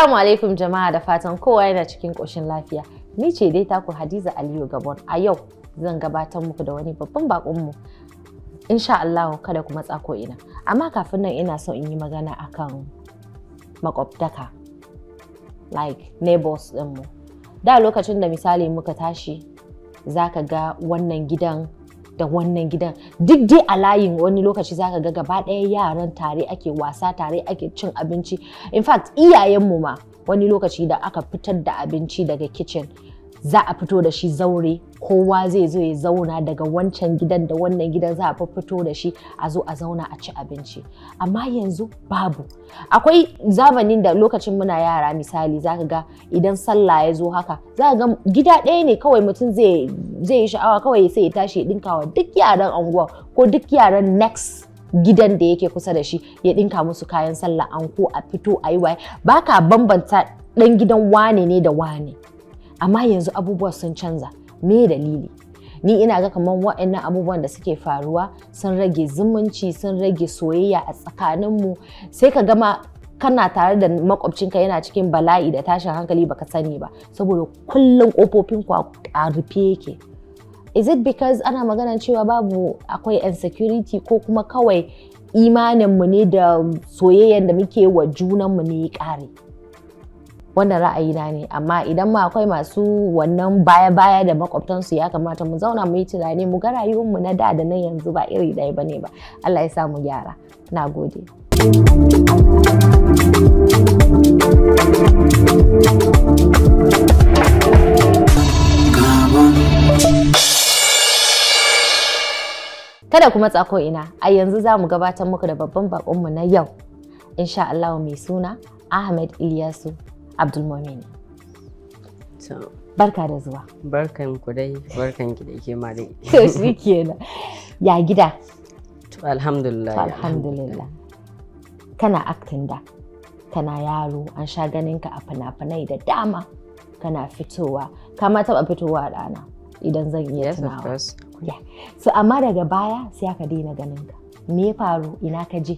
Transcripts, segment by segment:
Assalamu alaikum jama'a da fatan kowa yana cikin ƙoshin lafiya. Ni ce dai taku Hadiza Aliyu Gabon. A yau zan gabatar muku da wani babban baƙonmu. Insha Allah kada ku matsa ko ina. Amma kafin nan ina son in yi magana akan makwabtaka. Like neighbors ɗinmu. Da lokacin da misali muka tashi za ka ga wannan gidan da wannan gidan duk dai a layin wani lokaci zaka ga gaba ɗaya yaran tare ake wasa tare ake cin abinci in fact iyayenmu ma wani lokaci da aka fitar da abinci daga kitchen za a fito da shi zaure kowa zai zo ya zauna daga wancan gidan da wannan gidan za a fito da shi a zo a zauna a ci abinci amma yanzu babu akwai zamanin da lokacin muna yara misali zaka ga idan sallah ya zo haka za ga gida ɗaya ne kawai mutum zai yi sha'awa kawai sai ya tashi ya dinka wa duk yaran anguwa ko duk yaran next gidan da yake kusa da shi ya dinka musu kayan sallah an a fito a yi waye baka bambanta ɗan gidan wane ne da wane amma yanzu abubuwa sun canza me dalili ni ina ga kamar waɗannan abubuwan da suke faruwa sun rage zumunci sun rage soyayya a tsakaninmu sai ka gama kana tare da makwabcinka yana cikin bala'i da tashin hankali baka sani ba saboda kullum kofofin ku a rufe yake is it because ana maganan cewa babu akwai insecurity ko kuma kawai imaninmu ne da soyayyan da muke wa junanmu ne ya ƙare wannan ra'ayina ne amma idan ma akwai masu wannan baya-baya da makwabtansu ya kamata mu zauna mu yi tunani mu ga mu na da da nan yanzu ba iri ɗaya bane ba Allah ya sa mu gyara na gode Kada kuma tsako ina, a yanzu za mu gabatar muku da babban bakonmu na yau, insha Allah mai suna Ahmed Ilyasu. Abdulmumin. So, barka da zuwa. Barkan ku dai, barkan ki da ke mare. To shi kenan. Ya gida? To alhamdulillah. To alhamdulillah. Kana acting da, kana yaro, an sha ganin ka a fina-finai da dama. Kana fitowa, kama taɓa fitowa a ɗana idan zan iya tunawa. Yes, of course. Yeah. So amma daga baya sai aka daina ganin ka. Me ya faru? Ina ka je?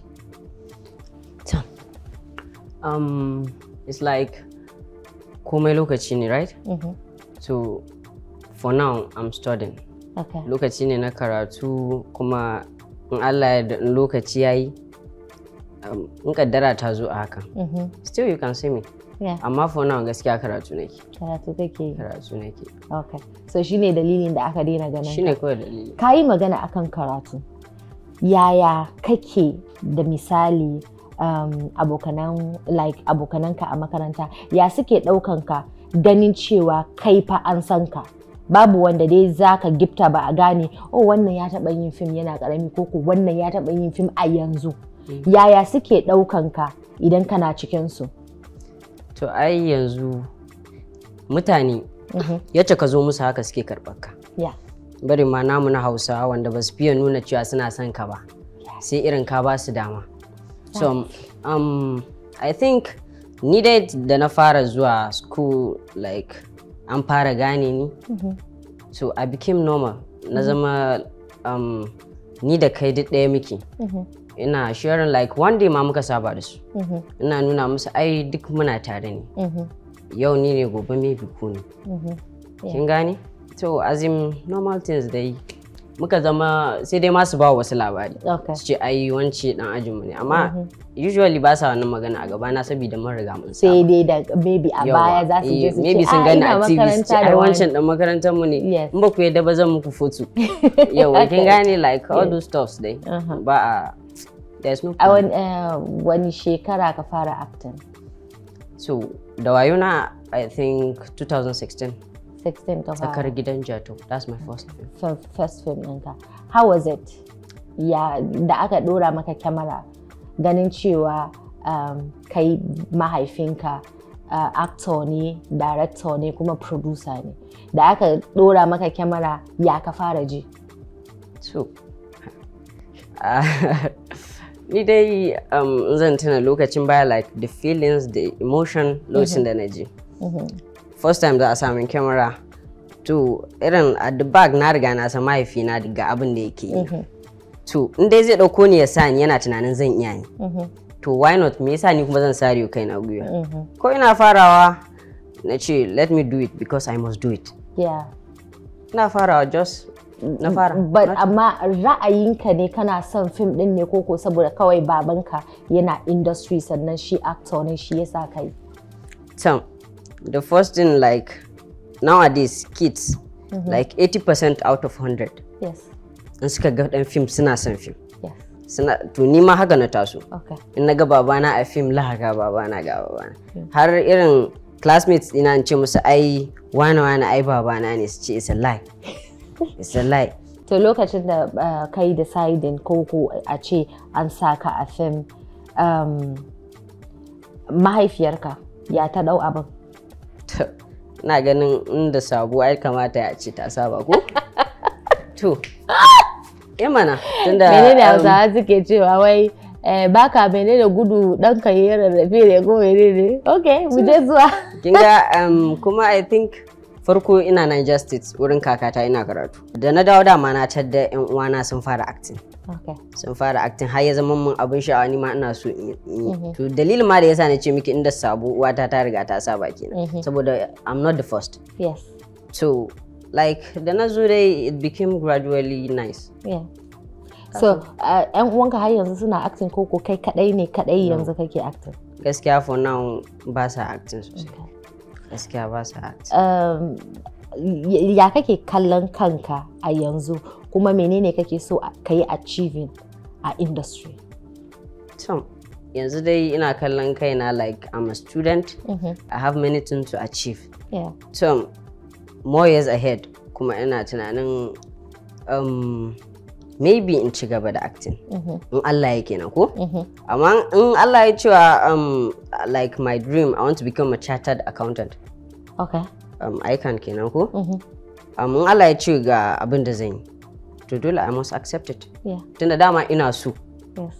Um, it's like komai lokaci ne right mm -hmm. so for now i'm studying okay. lokaci ne na karatu kuma in allah ya lokaci ya yi um, in kaddara ta zo a haka mm-hmm. still you can see me amma for now gaskiya karatu nake karatu kake karatu nake okay so shine dalilin da aka daina ganin shine kawai dalili ka yi magana akan karatu yaya kake da misali um, abokanan like abokananka a makaranta ya suke ɗaukan ka ganin cewa kai fa an san ka babu wanda dai za ka gifta ba a gane oh wannan ya taɓa yin fim yana ƙarami ko ko wannan ya taɓa yin fim a yanzu mm. yaya suke ɗaukan ka idan kana cikinsu to ai yanzu mutane mm-hmm. ka zo musu haka suke karɓar ka bari ma namu na hausawa wanda ba su fiye nuna cewa suna son ka ba sai irin ka ba su dama so um, i think ni da na fara zuwa school like an fara gane ni mm-hmm. so i became normal na mm-hmm. zama um, ni da kai duk ɗaya muke mm-hmm. ina sharing like one day ma muka saba da su ina nuna musu ai duk muna tare ne yau ni ne gobe mai biku kin gane so as in normal things dai muka zama sai dai masu ba wasu labari su ce ai wance dan ajinmu ne amma mm-hmm. usually ba sa wannan magana a gaba na saboda mun riga mun sai dai da maybe a baya za su je eh, su ce maybe sun gani a TV su ce ai wancan dan makarantar mu ne in ba ku yadda ba zan muku foto yawa kin gane like all those stuffs dai uh-huh. ba a there's no a eh, wani shekara ka fara acting so da na i think 2016 16 film ta tsakar gidan jato that's my first film first film ɗinka how was it ya da aka ɗora maka kyamara ganin cewa um, kai mahaifinka uh, actor ne director ne kuma producer ne da aka ɗora maka kyamara ya ka fara ji so ni dai um, zan tuna lokacin baya like the feelings the emotion lokacin mhm. da na ji mhm. first time za a samun kyamara to irin a the back na riga na san mahaifina daga abin da yake yi mhm. to in dai zai dauko ni ya sa ni yana tunanin zan iya ni mhm. to why not me yasa ni kuma zan sare kai na gwiwa mhm. ko ina farawa na ce let me do it because i must do it yeah ina farawa just na fara but amma ra'ayinka ne kana son fim din ne koko saboda kawai babanka yana industry sannan shi actor ne shi yasa kai can the first thing like nowadays kids mm -hmm. like 80% out of 100 yes in suka ga dan film suna son film suna to ni ma haka na taso in na ga babana a film lahaga babana ga babana har irin classmates ina in ce musu ai wane wane ai babana ne su ce it's a lie it's a lie to lokacin da uh, kai deciding ko ko a ce an saka a film um, mahaifiyarka ya ta dau abin na ganin inda sabo ai kamata ya ce ta saba ko to ya eh mana tunda menene um, hausawa suke cewa wai eh, baka da gudu dan ka yi rarrafe ne ko menene okay mu je zuwa kinga um, kuma i think farko ina Niger State wurin kakata ina karatu da na dawo dama na tadda yan uwana sun fara acting sun fara acting har ya zama mun abin sha'awa ni ma ina so in yi mhm. to dalilin ma da yasa na ce miki inda sabo uwata ta riga ta saba kenan mhm. saboda I'm not the first yes so like da na zo dai it became gradually nice yeah so yan uwanka har yanzu suna acting ko ko kai kadai ne kadai yanzu kake acting gaskiya for now ba sa acting sosai gaskiya ba sa acting um, ya kake kallon kanka a yanzu kuma menene kake so ka yi achieving a industry Tom, yanzu dai ina kallon kaina like i'm a student mm -hmm. i have many things to achieve yeah. Tom, more years ahead kuma ina tunanin um, maybe in ci gaba da acting mm-hmm. in Allah ya kenan ko mm-hmm. amma in Allah ya cewa um like my dream i want to become a chartered accountant okay um i can kenan ko amma mm-hmm. um, in Allah ya ce ga abin da zan yi to dole I must accept it tunda dama ina so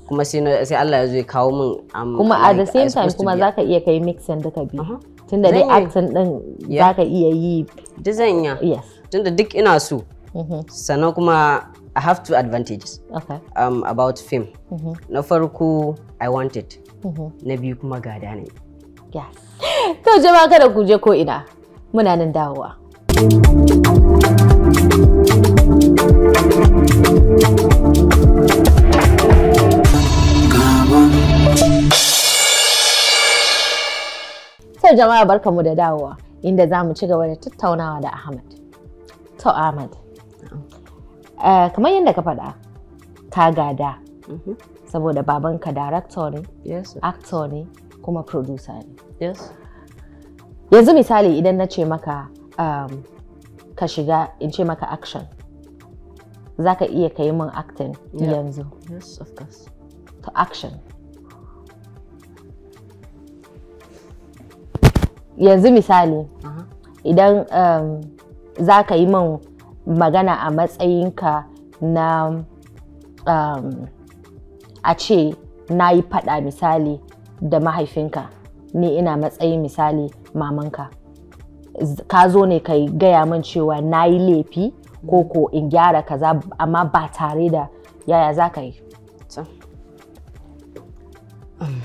kuma sai Allah ya zo ya kawo min um, kuma at the same time kuma zaka iya kai and duka biyu uh-huh. tunda dai accent din zaka iya yi duk zan iya tunda duk ina so mm-hmm. sannan kuma I have two advantages okay. um, about film. Mm-hmm. Na farko, I want it. Mm-hmm. Na biyu kuma gada ne. Yes. To jama'a kada ku je ko ina. Muna nan dawowa. Sai jama'a barkanmu da dawowa inda za mu ci gaba da tattaunawa da Ahmad. To Ahmad, eh, kamar yadda ka faɗa, ka gada. Mhm. Saboda babanka director ne, actor ne, kuma producer ne. Yanzu misali idan na ce maka um, ka shiga in ce maka action. za ka iya ka yi min acting yanzu to action yanzu misali uh-huh. idan um, za ka yi min magana a matsayinka na um, a ce na yi faɗa misali da mahaifinka ni ina matsayin misali mamanka ka zo ne ka gaya min cewa na yi laifi ko ko in gyara kaza amma ba tare da yaya za ka yi um,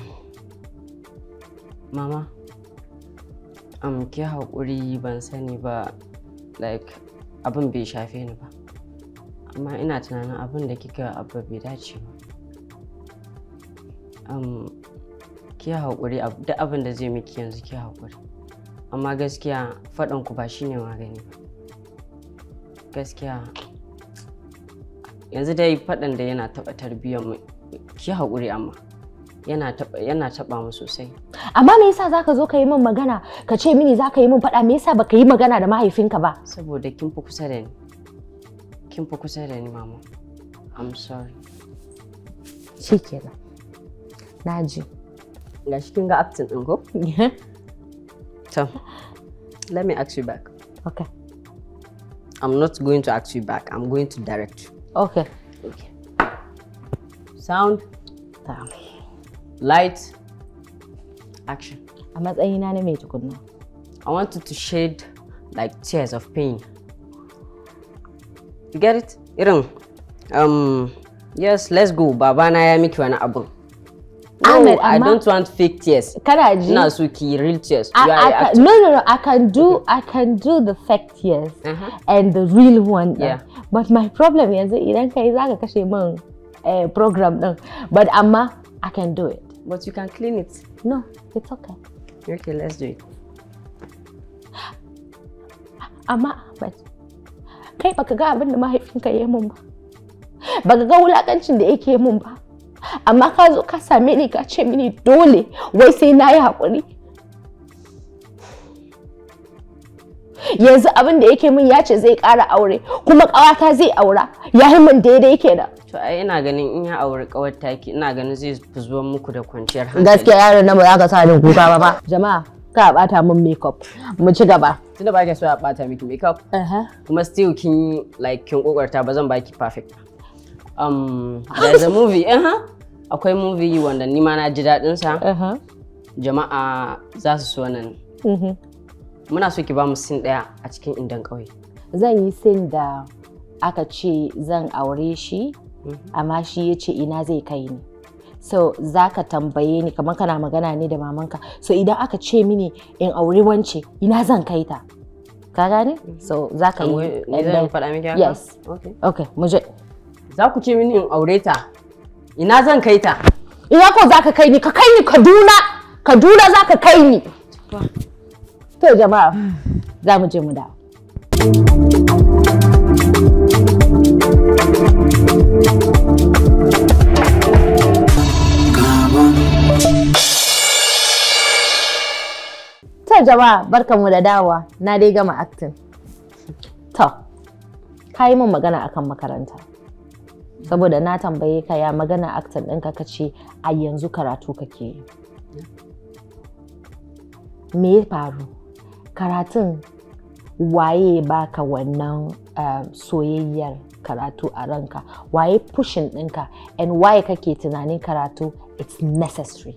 mama um, ki haƙuri ban sani ba like abin bai shafe ni ba amma ina tunanin abin da kika abu bai dace ba um, ki haƙuri duk abin da zai miki yanzu ki haƙuri amma gaskiya ku ba shine magani ba gaskiya yanzu dai faɗin da yana taɓa tarbiyyar mu ki haƙuri amma yana taɓa yana taɓa mu sosai amma me yasa zaka zo ka yi min magana ka ce mini zaka yi min faɗa me yasa baka yi magana da mahaifinka ba saboda kin fi kusa da ni kin fi kusa da ni mama i'm sorry shikenan naji shi kin ga acting din ko to let me ask you back okay I'm not going to ask you back. I'm going to direct you. Okay. Okay. Sound. Down. Light. Action. A matsayina na mai tukunna. I want you to shed like tears of pain. You get it? Irin. Um, yes, let's go. Babana ya miki wani abu. no i don't want fake tears kana ji ina so ki real tears I, I can, no no no i can do i can do the fake tears uh -huh. and the real one yeah. but my problem yanzu idan kai zaka kashe a eh, program but amma i can do it but you can clean it no it's okay okay let's do it amma kai baka ga abin da mahaifinka ya yi mun ba baka ga wulakancin da yake mun ba amma ka zo ka same ni ka ce mini dole wai sai na yi haƙuri yanzu abin da yake min ya ce zai ƙara aure kuma ƙawata zai aura ya yi min daidai kenan to ai ina ganin in ya aure ƙawar taki ina ganin zai zuwa muku da kwanciyar hankali gaskiya yaron nan ba za ka sa ni kuka ba ba jama'a ka bata min makeup mu ci gaba tunda ba ka so a bata miki makeup uh-huh. kuma still kin like kin kokarta ba zan baki perfect um, there's a movie uh -huh. akwai movie wanda ni ma na ji daɗin sa uh -huh. jama'a za su so nan mm muna so ki ba mu sin ɗaya a cikin indan ƙauye zan yi sin da aka ce zan aure shi mm-hmm. amma shi ya ce ina zai kai ni so za ka tambaye ni kamar kana magana ne da mamanka so idan aka ce mini in aure wance ina zan kai ta ka gane mm-hmm. so za ka yi yes okay mu okay. je Za ku ce mini in aure ta. Ina zan kai ta? Ina ko za ka kai ni? Ka kai ni Kaduna. Kaduna za ka kai ni. To jama'a za mu je mu dawo. To jama'a barkanmu da dawa na dai gama acting. To, ka yi min magana akan makaranta. saboda na tambaye ka ya magana aktan ɗinka ka ce a yanzu karatu kake yi me ya faru karatun waye baka wannan eh, soyayyar karatu a ranka waye pushin ɗinka and why kake tunanin karatu it's necessary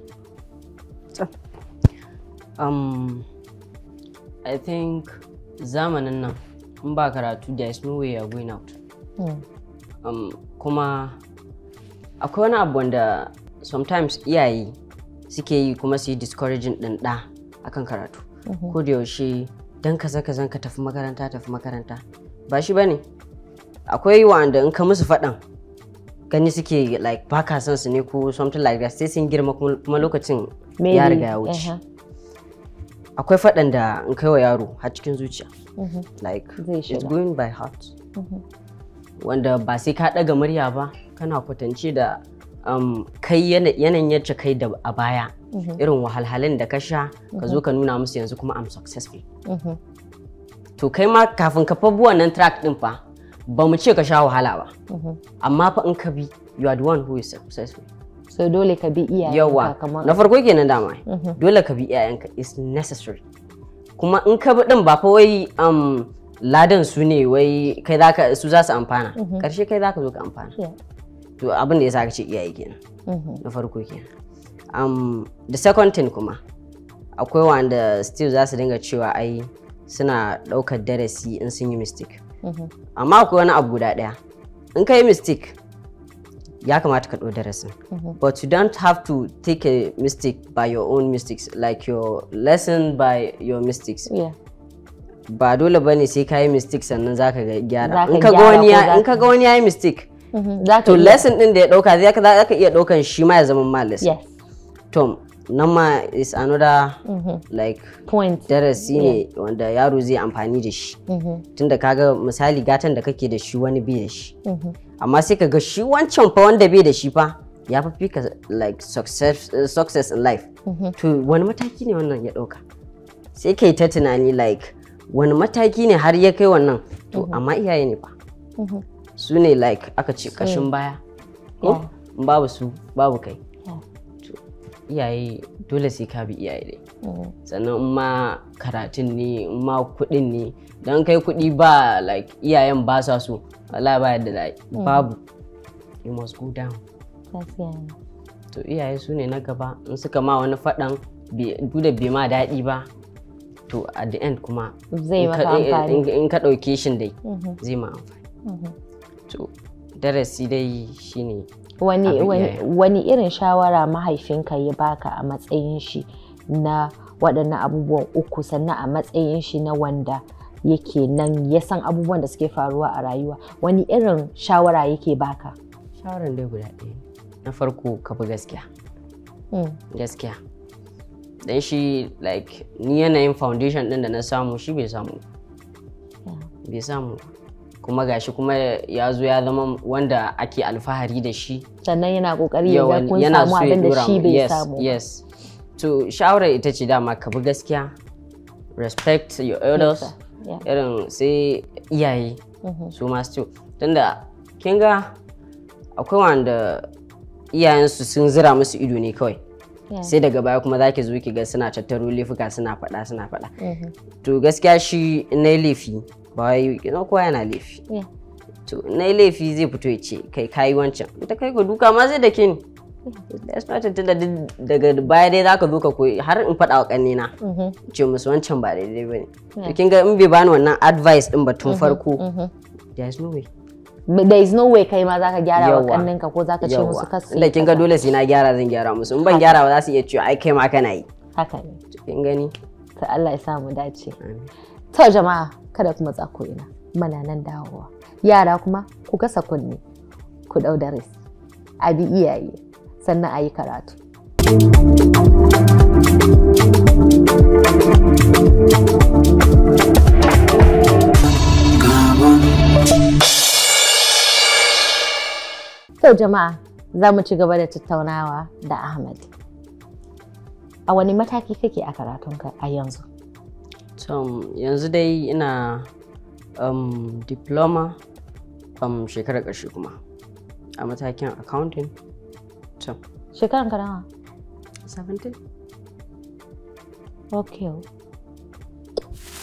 um, i think zamanin nan in ba karatu there is no way you're going out hmm. um, kuma akwai wani abu wanda sometimes iyaye suke yi kuma su yi discouraging ɗin ɗa akan karatu mhm. ko da yaushe dan kaza zaka zanka tafi makaranta tafi makaranta ba shi bane akwai wanda in ka musu faɗan gani suke like baka son su ne ko something like that sai sun girma kuma lokacin ya riga ya wuce uh-huh. akwai faɗan da in kai wa yaro har cikin zuciya mhm. like it's going by heart mhm. wanda ba sai ka ɗaga murya ba kana kwatance da um, kai yanayin yadda kai da a baya mhm. irin wahalhalin da ka sha ka zo mhm. ka nuna musu yanzu kuma am successful mhm. to kai ma kafin ka fabi wannan track din fa ba mu ce ka sha wahala ba amma fa in ka bi you are the one who is successful so dole ka bi iyayenka yawa na farko kenan dama dole ka bi iyayenka is necessary kuma in ka bi din ba fa wai um, ladan su ne wai kai zaka su za su amfana mhm. karshe kai zaka zo ka amfana to abin da ya sa ce iyaye kenan mhm. na farko kenan um, the second thing kuma akwai wanda still za su dinga cewa ai suna ɗaukar darasi in sun yi mistake mhm. amma akwai wani abu guda ɗaya in ka yi mistake ya kamata ka ɗau darasin but you don't have to take a mistake by your own mistakes like your lesson by your mistakes yeah. ba dole ba ne sai ka yi mistake sannan za ka gyara in ka ga wani ya yi mistake mhm, to lesson din da ya dauka za ka iya daukan shi ma ya zama ma lesson to nan ma is another mhm. like point darasi ne wanda yaro zai amfani da shi mhm. tunda kaga misali gatan da kake da shi wani bai da shi amma sai ka ga shi wancan fa wanda bai da shi fa ya fi ka like success, success in life to wani mataki ne wannan ya dauka sai ka yi ta tunani like wani mataki ne har ya kai wannan to mhm. amma iyaye ne ba mhm. su ne like aka ce kashin baya ko babu su babu kai iyaye dole sai ka bi iyaye ne mhm. sannan in ma karatun ne in ma kuɗin ne don kai kuɗi ba like iyayen ba sa so Allah ba yadda da babu you must go down to iyaye su ne na gaba in suka ma wani faɗan bude da bai ma daɗi ba to at the end kuma zai maka eh, eh, amfani in ka ɗauke shi dai mhm. zai ma amfani mhm. to darasi dai shine wani wani irin shawara mahaifinka ya baka a matsayin shi na waɗannan abubuwan uku sannan a matsayin shi na wanda yake nan ya san abubuwan da suke faruwa a rayuwa wani irin shawara yake baka shawaran dai guda ɗaya na farko ka bi gaskiya mm. gaskiya dan shi like ni yanayin foundation din da na samu shi bai samu bai samu kuma gashi kuma ya zo ya zama wanda ake alfahari da shi sannan yana kokari ya ga kun samu abin da shi bai samu yes to shawara ita ce dama ka bi gaskiya respect your elders irin sai iyaye mm-hmm. su masu tunda kin ga akwai wanda iyayensu sun zira musu ido ne kawai sai daga baya kuma za ki zo ki ga suna tattaro laifuka suna faɗa suna faɗa mm-hmm. to gaskiya shi na laifi ba wai na kowa yana laifi to na laifi zai fito ya ce kai kayi wancan ta kai ga duka ma zai da ke ni mm-hmm. daga baya dai za ka zo ka koyi har in faɗa wa ƙannina mm-hmm. ce musu wancan ba daidai bane kin ga in bai bani wannan advice din ba tun farko is no way there is no way kai ma zaka gyara wa ka ko zaka ce musu kasu da kin ga dole sai na gyara zan gyara musu in ban gyara ba za su iya cewa ai kai ma kana yi haka ne kin gani to Allah ya sa mu dace to jama'a kada kuma tsako ina muna nan dawowa yara kuma ku gasa kunne ku dau daris a bi iyaye sannan a yi karatu thank you yau jama'a za mu ci gaba da tattaunawa da Ahmad. A wani mataki kake a karatunka a yanzu? Tom, yanzu dai ina um, diploma um, shekarar ƙarshe kuma a matakin accounting. Tom. Shekarar ka nawa? 17. Ok.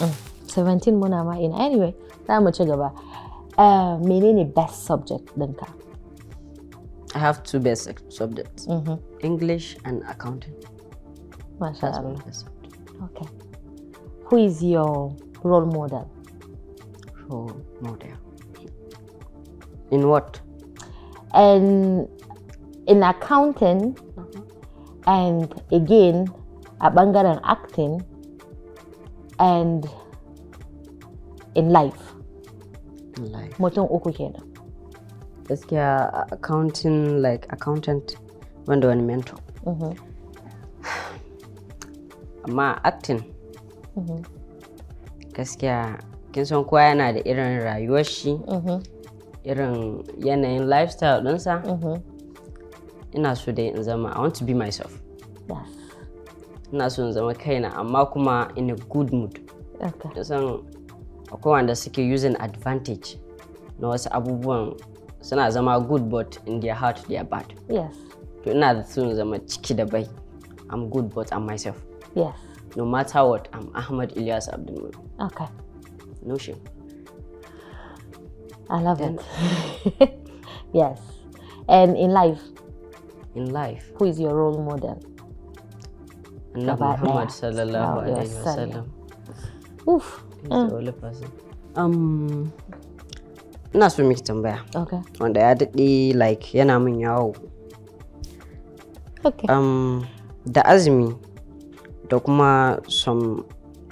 Mm, 17 muna ma ina. Anyway, za mu ci gaba. Uh, menene best subject ɗinka? I have two basic subjects mm -hmm. English and accounting. MashaAllah. Okay. Who is your role model? Role model. In what? And in accounting, mm -hmm. and again, a bangaren acting, and in life. In life. gaskiya accounting like accountant wanda wani mentor mm-hmm. amma acting mm-hmm. gaskiya kin san kowa yana da irin rayuwar shi mm-hmm. irin yanayin lifestyle ɗinsa ina so dai in zama i want to be myself ina so in zama kaina amma kuma in a good mood san akwai wanda suke using advantage na wasu abubuwan suna zama good but in their heart they are bad yes to ina da sun zama ciki da bai i'm good but i'm myself yes no matter what i'm ahmad ilyas abdulmumin okay no shame i love and it yes and in life in life who is your role model Muhammad sallallahu alaihi wasallam. Oof. He's mm. the only person. Um, ina so miki tambaya wanda ya daɗe like yana min yawo okay. um, da azumi da kuma some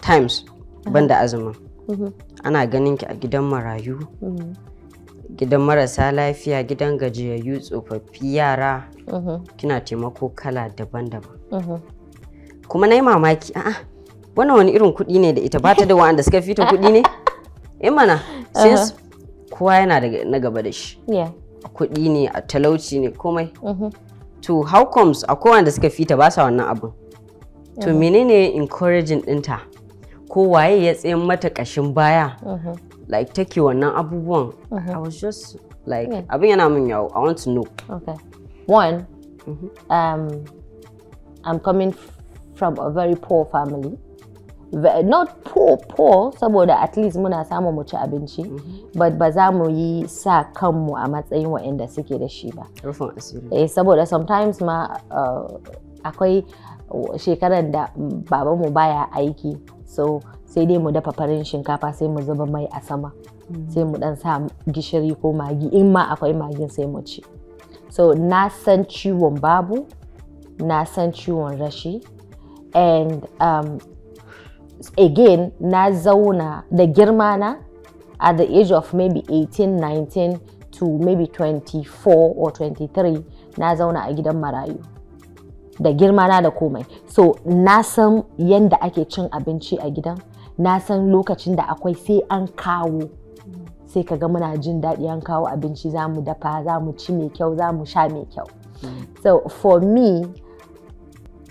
times uh-huh. ban da azumin mm-hmm. ana ganin ki a gidan marayu mm-hmm. gidan marasa lafiya gidan gajiyayyu tsofaffi yara mm-hmm. kina taimako kala daban-daban kuma na yi mamaki a'a wannan wani irin kuɗi ne da ita ba ta da wa'anda suka fita kuɗi ne? Eh mana since uh-huh. kowa yana na gaba da shi a kuɗi ne a talauci ne komai mm-hmm. to how comes a da suka fita ba sa wannan abin to mm-hmm. menene encouraging ɗinta ko waye ya tsayin mata ƙashin baya mm-hmm. like take wannan abubuwan i was just like abin yana min yawo i want to know okay one um, i'm coming from a very poor family not poor poor saboda at least muna samun mu ci abinci mhm. but ba za mu yi sa kanmu a matsayin waɗanda suke da shi ba eh saboda sometimes ma uh, akwai shekarar da babanmu baya aiki so sai dai mu dafa farin shinkafa sai mu zuba mai a sama mhm. sai mu dan sa gishiri ko magi in ma akwai magin sai mu ci so na san ciwon babu na san ciwon rashi and um, again na zauna da girma na at the age of maybe 18 19 to maybe 24 or 23 na zauna a gidan marayu da girma na da komai so na san yadda ake cin abinci a gidan na san lokacin da akwai sai an kawo sai ka ga muna jin daɗi an kawo abinci za mu dafa za mu ci mai kyau za mu sha mai kyau hmm. so for me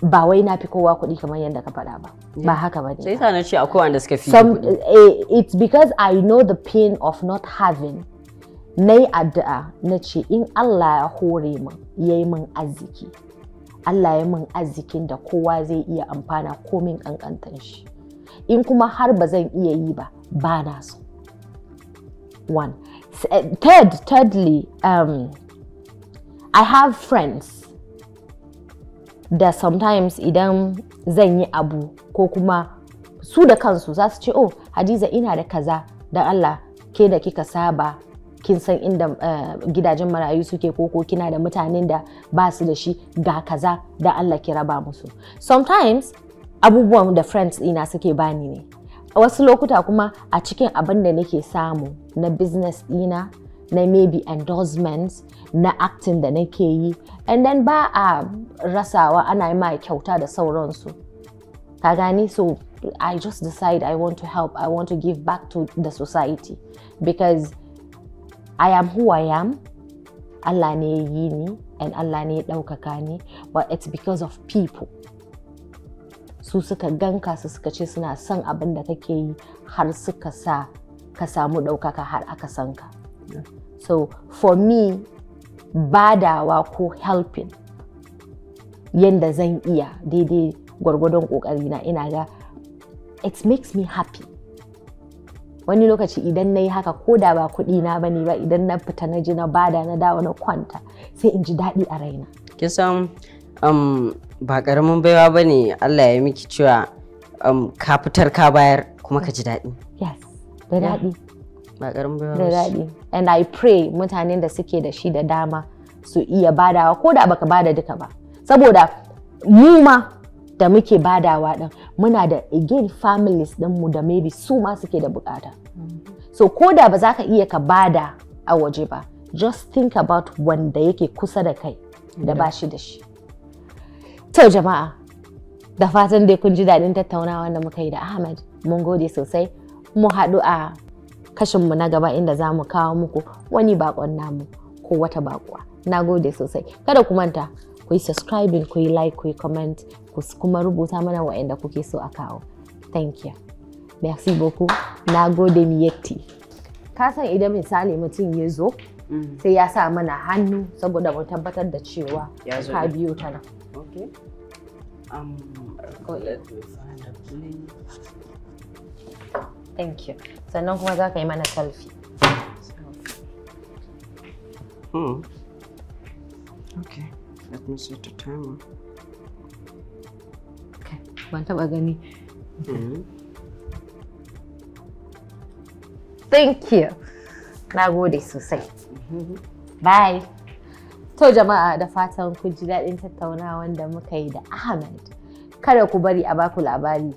ba wai na fi kowa kuɗi kamar yadda ka faɗa ba ba haka ba ne sai sa na ce akwai wanda suka fi eh, it's because i know the pain of not having na yi addu'a na ce in Allah ya hore min ya yi min arziki Allah ya min arzikin da kowa zai iya amfana komin ƙanƙantar shi in kuma har ba zan iya yi ba ba na so one eh, third thirdly um, I have friends da sometimes idan zan yi abu ko kuma su da kansu za su ce oh hadiza ina da kaza don allah ke da kika saba kin san inda eh, gidajen marayu suke ko, ko kina da mutanen da ba su da shi ga kaza da Allah ki raba musu sometimes abubuwan da friends ina suke bani ne wasu lokuta kuma a cikin abin da nake samu na business ɗina na maybe endorsements na acting da nake yi and then ba a rasawa ana yi ma kyauta da sauransu ka gani so I just decide I want to help I want to give back to the society because I am who I am Allah ne ya yi ni and Allah ne ya ɗaukaka ni but it's because of people su suka ganka su suka ce suna son abin da kake yi har suka sa ka samu ɗaukaka har aka san ka. so for me badawa ko helping yanda zan iya daidai gwargwadon na ina ga it makes me happy wani lokaci idan na yi haka ko da ba kuɗi na ba ne ba idan na fita na ji na bada na dawa na kwanta sai in ji daɗi a raina kisan um, ba ƙaramin baiwa ba ne allah ya miki cewa um, ka fitar ka bayar kuma ka ji daɗi yes da daɗi da daɗi and i pray mutanen da suke da shi da dama su iya badawa ko da baka bada duka ba saboda mu ma da muke badawa din muna da again families mu da maybe su ma suke da bukata so ko da ba za ka iya ka bada a waje ba just think about wanda yake kusa da kai da ba shi da shi to jama'a da fatan dai kun ji daɗin tattaunawa da muka yi da ahmad mun gode sosai mu haɗu a Kashin mu na gaba inda za mu kawo muku wani bakon namu ko wata bakuwa na gode sosai kada ku manta ku yi subscribing ku yi like ku yi comment ku kuma rubuta mana wa'anda kuke so a kawo thank you merci beaucoup na gode miyetti ka san idan misali mutum ya zo mm. sai ya sa mana hannu saboda mu tabbatar da cewa ka biyo ta um, Thank you. sannan kuma za ka yi mana selfie Hmm. Okay, let me set hmm. Thank you. Na gode sosai. Bye. To jama'a da fatan kun ji daɗin tattaunawan da muka yi da Ahmed. Kada ku bari a baku labari.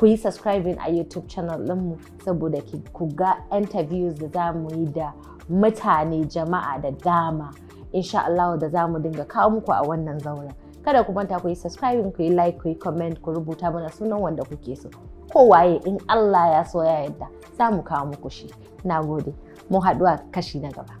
ku yi subscribing a YouTube channel ɗinmu saboda ku ga interviews da za mu yi da mutane jama'a da dama insha Allah da za mu dinga kawo muku a wannan zauren. Kada ku manta ku yi subscribing ku yi like ku yi comment ku rubuta mana sunan wanda kuke so. Kowaye in Allah ya so ya yadda za mu kawo muku shi. Na gode. Mu haɗu a kashi na gaba.